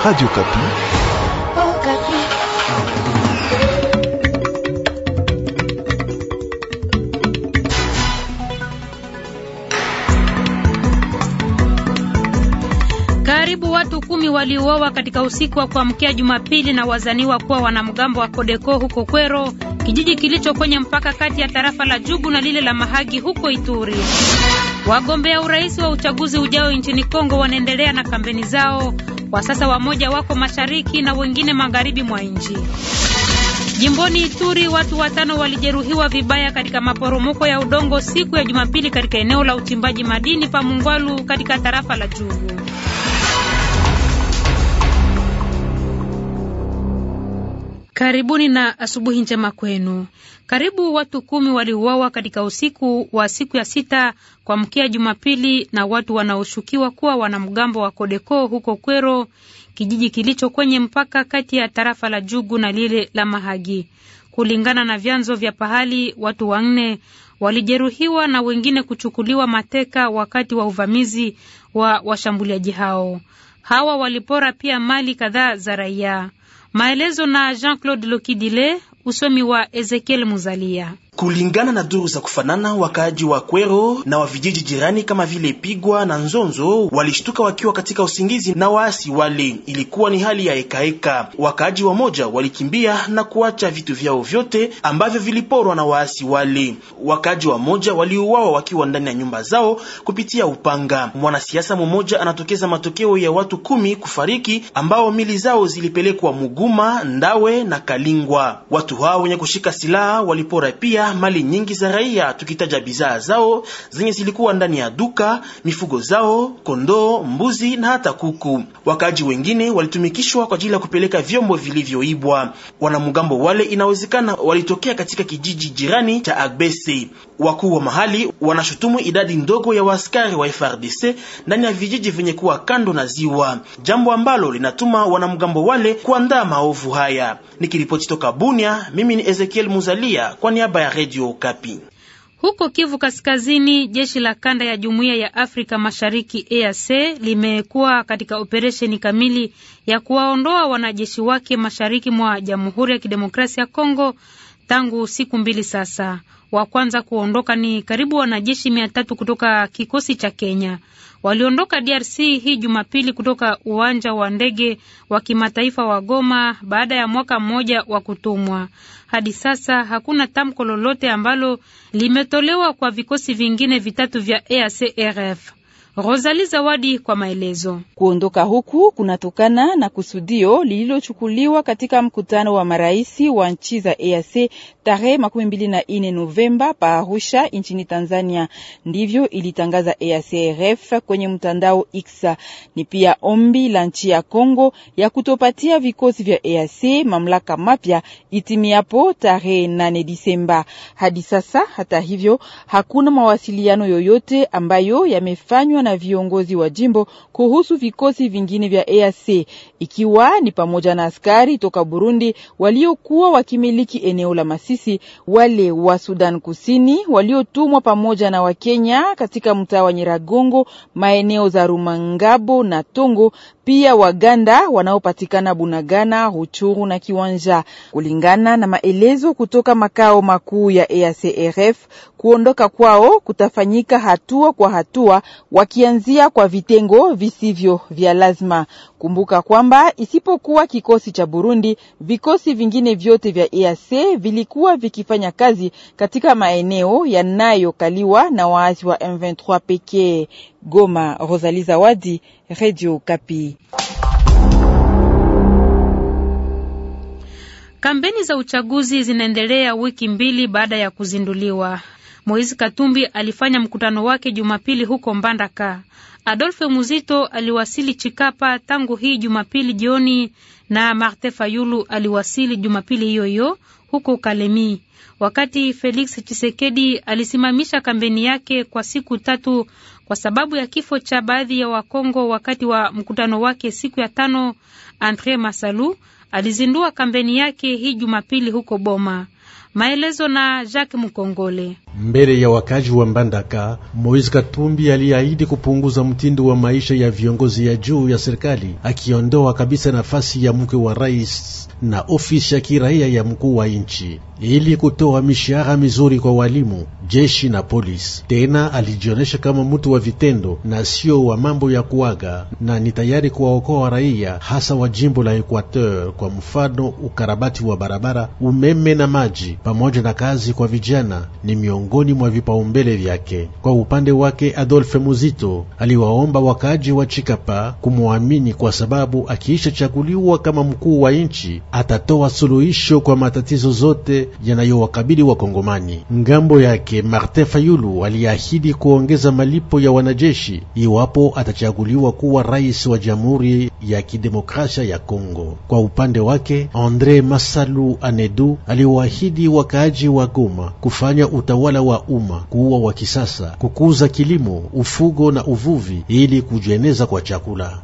Radio Kapi. Oh, Kapi. Karibu watu kumi waliuawa katika usiku wa kuamkia Jumapili na wazaniwa kuwa wanamgambo wa Kodeko huko Kwero, kijiji kilicho kwenye mpaka kati ya tarafa la Jugu na lile la Mahagi huko Ituri. Wagombea urais wa uchaguzi ujao nchini Kongo wanaendelea na kampeni zao. Kwa sasa wamoja wako mashariki na wengine magharibi mwa nchi. Jimboni Ituri watu watano walijeruhiwa vibaya katika maporomoko ya udongo siku ya Jumapili katika eneo la uchimbaji madini pa Mungwalu katika tarafa la Jugu. Karibuni na asubuhi njema kwenu. Karibu watu kumi waliuawa katika usiku wa siku ya sita kwa mkia Jumapili na watu wanaoshukiwa kuwa wanamgambo wa Kodeko huko Kwero, kijiji kilicho kwenye mpaka kati ya tarafa la Jugu na lile la Mahagi. Kulingana na vyanzo vya pahali, watu wanne walijeruhiwa na wengine kuchukuliwa mateka wakati wa uvamizi wa washambuliaji hao. Hawa walipora pia mali kadhaa za raia. Maelezo na Jean-Claude Lokidile, usomi wa Ezekiel Muzalia. Kulingana na duru za kufanana, wakaaji wa Kwero na wa vijiji jirani kama vile Pigwa na Nzonzo walishtuka wakiwa katika usingizi na waasi wale. Ilikuwa ni hali ya ekaeka Wakaaji wa moja walikimbia na kuacha vitu vyao vyote ambavyo viliporwa na waasi wale. Wakaaji wa moja waliuawa wakiwa ndani ya nyumba zao kupitia upanga. Mwanasiasa mmoja anatokeza matokeo ya watu kumi kufariki ambao mili zao zilipelekwa Muguma, Ndawe na Kalingwa. Watu hao wenye kushika silaha walipora pia mali nyingi za raia, tukitaja bidhaa zao zenye zilikuwa ndani ya duka, mifugo zao, kondoo, mbuzi na hata kuku. Wakaaji wengine walitumikishwa kwa ajili ya kupeleka vyombo vilivyoibwa. Wanamgambo wale inawezekana walitokea katika kijiji jirani cha Agbese. Wakuu wa mahali wanashutumu idadi ndogo ya waskari wa FRDC ndani ya vijiji vyenye kuwa kando na ziwa, jambo ambalo linatuma wanamgambo wale kuandaa maovu haya. Nikiripoti toka Bunia, mimi ni Ezekiel Muzalia kwa niaba ya Radio Kapi. Huko Kivu Kaskazini, jeshi la kanda ya Jumuiya ya Afrika Mashariki EAC limekuwa katika operesheni kamili ya kuwaondoa wanajeshi wake mashariki mwa Jamhuri ya Kidemokrasia ya Kongo tangu siku mbili sasa. Wa kwanza kuondoka ni karibu wanajeshi mia tatu kutoka kikosi cha Kenya waliondoka DRC hii Jumapili kutoka uwanja wa ndege wa kimataifa wa Goma baada ya mwaka mmoja wa kutumwa. Hadi sasa hakuna tamko lolote ambalo limetolewa kwa vikosi vingine vitatu vya EACRF. Rosali Zawadi kwa maelezo. Kuondoka huku kunatokana na kusudio lililochukuliwa katika mkutano wa marais wa nchi za EAC tarehe makumi mbili na nne Novemba pa Arusha nchini Tanzania. Ndivyo ilitangaza EACRF kwenye mtandao X. Ni pia ombi la nchi ya Kongo ya kutopatia vikosi vya EAC mamlaka mapya itimiapo tarehe nane Disemba. Hadi sasa, hata hivyo, hakuna mawasiliano yoyote ambayo yamefanywa kufanywa na viongozi wa jimbo kuhusu vikosi vingine vya EAC ikiwa ni pamoja na askari toka Burundi waliokuwa wakimiliki eneo la Masisi, wale wa Sudan Kusini waliotumwa pamoja na Wakenya katika mtaa wa Nyiragongo, maeneo za Rumangabo na Tongo pia Waganda wanaopatikana Bunagana, Ruchuru na Kiwanja. Kulingana na maelezo kutoka makao makuu ya EACRF, kuondoka kwao kutafanyika hatua kwa hatua, wakianzia kwa vitengo visivyo vya lazima. Kumbuka kwamba isipokuwa kikosi cha Burundi, vikosi vingine vyote vya EAC vilikuwa vikifanya kazi katika maeneo yanayokaliwa na waasi wa M23 pekee. Goma, Rosalie Zawadi, Radio Kapi. Kampeni za uchaguzi zinaendelea wiki mbili baada ya kuzinduliwa. Moizi Katumbi alifanya mkutano wake Jumapili huko Mbandaka. Adolphe Muzito aliwasili Chikapa tangu hii Jumapili jioni na Marte Fayulu aliwasili Jumapili hiyo hiyo huko Kalemi. Wakati Felix chisekedi alisimamisha kampeni yake kwa siku tatu kwa sababu ya kifo cha baadhi ya Wakongo wakati wa mkutano wake siku ya tano. Andre Masalu alizindua kampeni yake hii Jumapili huko Boma. Maelezo na Jacques Mkongole. Mbele ya wakaji wa Mbandaka, Moise Katumbi aliahidi kupunguza mtindo wa maisha ya viongozi ya juu ya serikali, akiondoa kabisa nafasi ya mke wa rais na ofisi ya kiraia ya mkuu wa nchi ili kutoa mishahara mizuri kwa walimu, jeshi na polisi. Tena alijionyesha kama mtu wa vitendo na sio wa mambo ya kuaga, na ni tayari kuwaokoa raia hasa wa jimbo la Equateur, kwa mfano ukarabati wa barabara, umeme na maji, pamoja na kazi kwa vijana ni miongoni mwa vipaumbele vyake. Kwa upande wake, adolfe Muzito aliwaomba wakaaji wa Chikapa kumwamini kwa sababu akiisha chaguliwa kama mkuu wa nchi atatoa suluhisho kwa matatizo zote yanayowakabili Wakongomani. Ngambo yake, Martin Fayulu aliahidi kuongeza malipo ya wanajeshi iwapo atachaguliwa kuwa rais wa Jamhuri ya Kidemokrasia ya Kongo. Kwa upande wake, Andre Masalu Anedu aliwaahidi wakaaji wa Goma kufanya utawala wa umma kuwa wa kisasa, kukuza kilimo, ufugo na uvuvi ili kujieneza kwa chakula.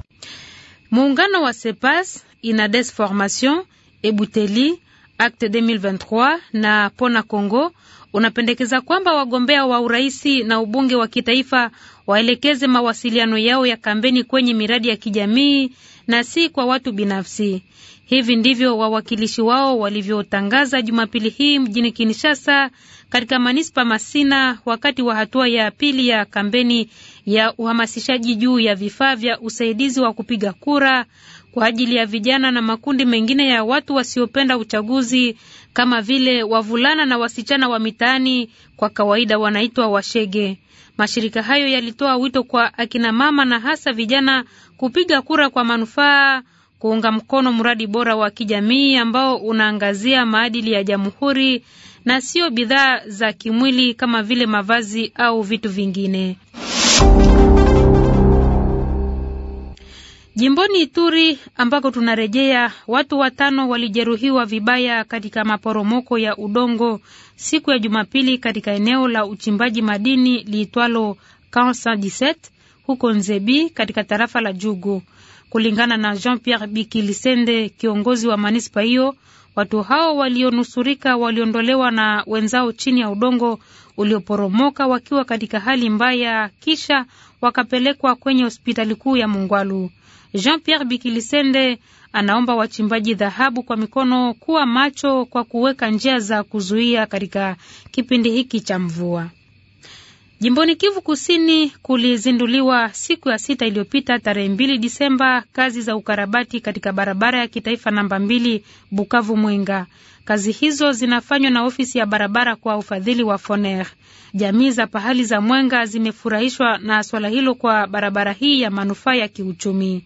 Muungano wa Sepas, Inades Formation, Ebuteli Acte 2023 na Pona Congo unapendekeza kwamba wagombea wa uraisi na ubunge wa kitaifa waelekeze mawasiliano yao ya kampeni kwenye miradi ya kijamii na si kwa watu binafsi. Hivi ndivyo wawakilishi wao walivyotangaza Jumapili hii mjini Kinshasa katika manispa Masina wakati wa hatua ya pili ya kampeni ya uhamasishaji juu ya vifaa vya usaidizi wa kupiga kura kwa ajili ya vijana na makundi mengine ya watu wasiopenda uchaguzi kama vile wavulana na wasichana wa mitaani, kwa kawaida wanaitwa washege. Mashirika hayo yalitoa wito kwa akina mama na hasa vijana kupiga kura kwa manufaa, kuunga mkono mradi bora wa kijamii ambao unaangazia maadili ya jamhuri na sio bidhaa za kimwili kama vile mavazi au vitu vingine. Jimboni Ituri ambako tunarejea, watu watano walijeruhiwa vibaya katika maporomoko ya udongo siku ya Jumapili katika eneo la uchimbaji madini liitwalo Kansa 17 huko Nzebi katika tarafa la Jugu. Kulingana na Jean-Pierre Bikilisende, kiongozi wa manispa hiyo, watu hao walionusurika waliondolewa na wenzao chini ya udongo ulioporomoka wakiwa katika hali mbaya, kisha wakapelekwa kwenye hospitali kuu ya Mungwalu. Jean-Pierre Bikilisende anaomba wachimbaji dhahabu kwa mikono kuwa macho kwa kuweka njia za kuzuia katika kipindi hiki cha mvua. Jimboni Kivu Kusini kulizinduliwa siku ya sita iliyopita tarehe mbili Disemba kazi za ukarabati katika barabara ya kitaifa namba mbili Bukavu Mwenga. Kazi hizo zinafanywa na ofisi ya barabara kwa ufadhili wa Foner. Jamii za pahali za Mwenga zimefurahishwa na swala hilo kwa barabara hii ya manufaa ya kiuchumi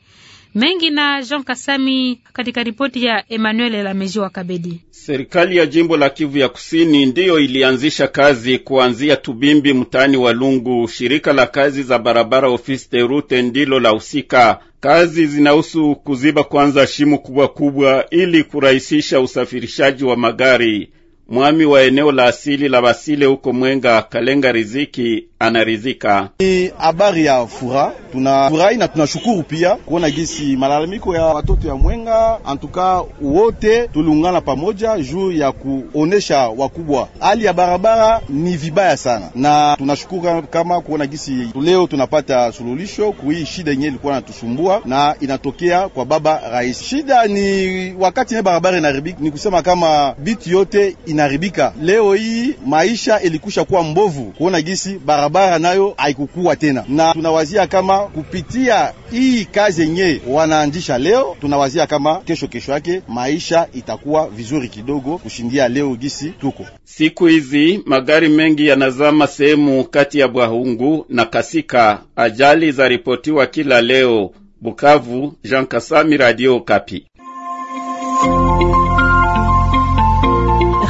mengi na Jean Kasami katika ripoti ya Emmanuel Lameji wa Kabedi. Serikali ya jimbo la Kivu ya Kusini ndiyo ilianzisha kazi kuanzia Tubimbi mtaani wa Lungu. Shirika la kazi za barabara ofisi de rute ndilo la husika. Kazi zinahusu kuziba kwanza shimo kubwa kubwa ili kurahisisha usafirishaji wa magari. Mwami wa eneo la asili la Basile huko Mwenga, Kalenga Riziki anaridhika. Ni habari ya fura tunafurahi na tunashukuru pia kuona gisi malalamiko ya watoto ya Mwenga. Antuka wote tuliungana pamoja juu ya kuonesha wakubwa, hali ya barabara ni vibaya sana, na tunashukuru kama kuona gisi leo tunapata suluhisho kui shida yenyewe ilikuwa natusumbua na inatokea kwa baba rais. Shida ni wakati ne barabara inaharibika, ni kusema kama biti yote inaharibika. Leo hii maisha ilikusha kuwa mbovu, kuona gisi barabara barabara nayo haikukua tena, na tunawazia kama kupitia hii kazi yenye wanaanzisha leo, tunawazia kama kesho kesho yake maisha itakuwa vizuri kidogo kushindia leo gisi tuko. Siku hizi magari mengi yanazama sehemu kati ya Bwahungu na Kasika. Ajali zaripotiwa kila leo. Bukavu, Jean Kasami, Radio Kapi.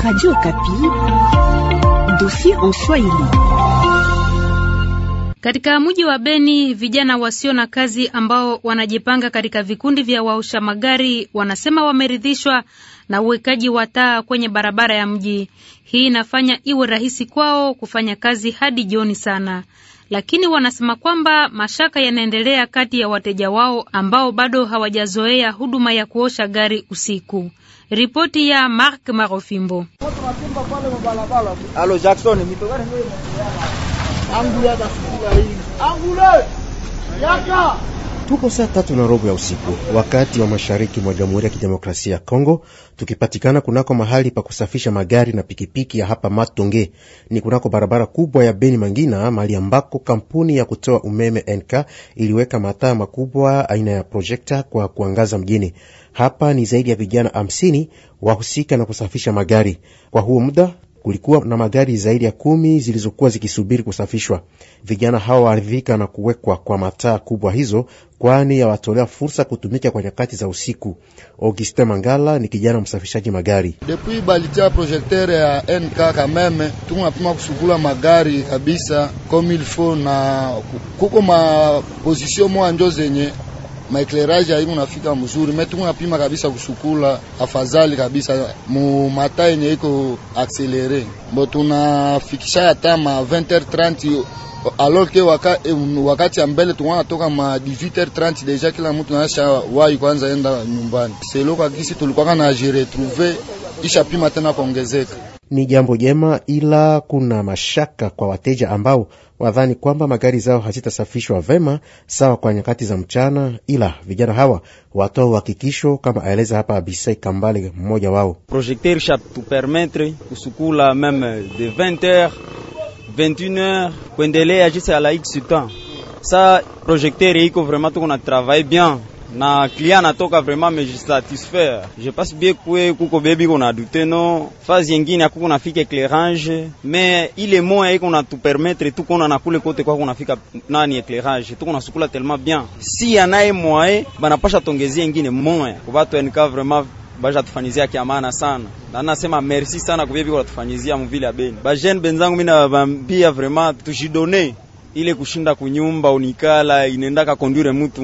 Radio Kapi, dossier en Swahili. Katika mji wa Beni, vijana wasio na kazi ambao wanajipanga katika vikundi vya waosha magari wanasema wameridhishwa na uwekaji wa taa kwenye barabara ya mji. Hii inafanya iwe rahisi kwao kufanya kazi hadi jioni sana, lakini wanasema kwamba mashaka yanaendelea kati ya wateja wao ambao bado hawajazoea huduma ya kuosha gari usiku. Ripoti ya Mark Marofimbo. Jackson, Tuko saa tatu na robo ya usiku wakati wa mashariki mwa Jamhuri ya Kidemokrasia ya Kongo, tukipatikana kunako mahali pa kusafisha magari na pikipiki ya hapa Matonge, ni kunako barabara kubwa ya Beni Mangina, mahali ambako kampuni ya kutoa umeme NK iliweka mataa makubwa aina ya projekta kwa kuangaza mjini. Hapa ni zaidi ya vijana hamsini wahusika na kusafisha magari kwa huo muda kulikuwa na magari zaidi ya kumi zilizokuwa zikisubiri kusafishwa. Vijana hao waridhika na kuwekwa kwa mataa kubwa hizo, kwani yawatolea fursa kutumika kwa nyakati za usiku. Augustin Mangala ni kijana msafishaji magari. Depuis balitia projektere ya NK Kameme, tunapima kusukula magari kabisa comme il faut, na kuko mapozisio moya njo zenye maeklerage aimu nafika mzuri, metukunapima kabisa kusukula afadhali kabisa mumata yenye iko akselere mbo tunafikisha hata ma 20h30 alors que waka, eh, wakati ya mbele tunatoka ma 18h30 deja, kila mutu nasha wai kwanza enda nyumbani. Selo kwa gisi tulikuwa na jiretrouver isha pima tena kuongezeka ni jambo jema, ila kuna mashaka kwa wateja ambao wadhani kwamba magari zao hazitasafishwa vema sawa kwa nyakati za mchana, ila vijana hawa watoa uhakikisho kama aeleza hapa Abisai Kambale, mmoja wao. Projecteur sha tu permettre kusukula meme de 20h 21h kuendelea jisa ya laik sutan sa projecteur iko vraiment tuko na travail bien na client anatoka vraiment mejisatisfaire. Je passe bien kwe kuko bebi kona dute no fazi yengine akuko nafika éclairage mais ile moya iko eh, na tu permettre tu kona na kule kote kwa kona fika nani éclairage tu kona sukula tellement bien si anaye moye eh, banapasha tongezia yengine moya kubatu enka vraiment baja tufanyizia kia maana sana na nasema merci sana kwa bebi kona tufanyizia mvile ya Beni. Ba jeune benzangu mimi na bambia vraiment tujidone ile kushinda kunyumba unikala inendaka kondure mutu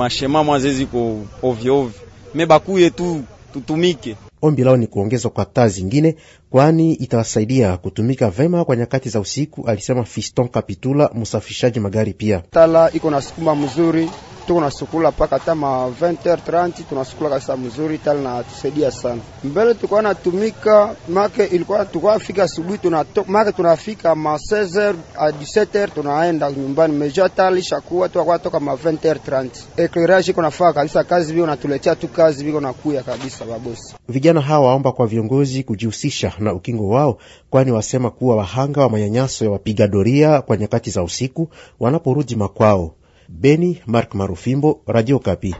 mashema mwazezi ko ovyo ovyo, mebakuye tu tutumike. Ombi lao ni kuongezwa kwa taa zingine kwani itawasaidia kutumika vema kwa nyakati za usiku, alisema Fiston Kapitula, msafishaji magari. Pia tala iko na sukuma mzuri, tuko na nasukula paka tama 20h30 tunasukula kabisa mzuri, tala na tusaidia sana. Mbele tulikuwa natumika make ilikuwa tulikuwa fika asubuhi tunato make tunafika ma 16h a 17h tunaenda nyumbani, meja talisha kuwa tu kwa toka ma 20h30. Eclairage iko nafaa kabisa kazi, biko natuletea tu kazi, biko nakuya kabisa babosi. Vijana hawa waomba kwa viongozi kujihusisha na ukingo wao, kwani wasema kuwa wahanga wa manyanyaso ya wapiga doria kwa nyakati za usiku wanaporudi makwao. Beni, Mark Marufimbo, Radio Kapi.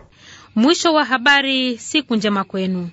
Mwisho wa habari. Siku njema kwenu.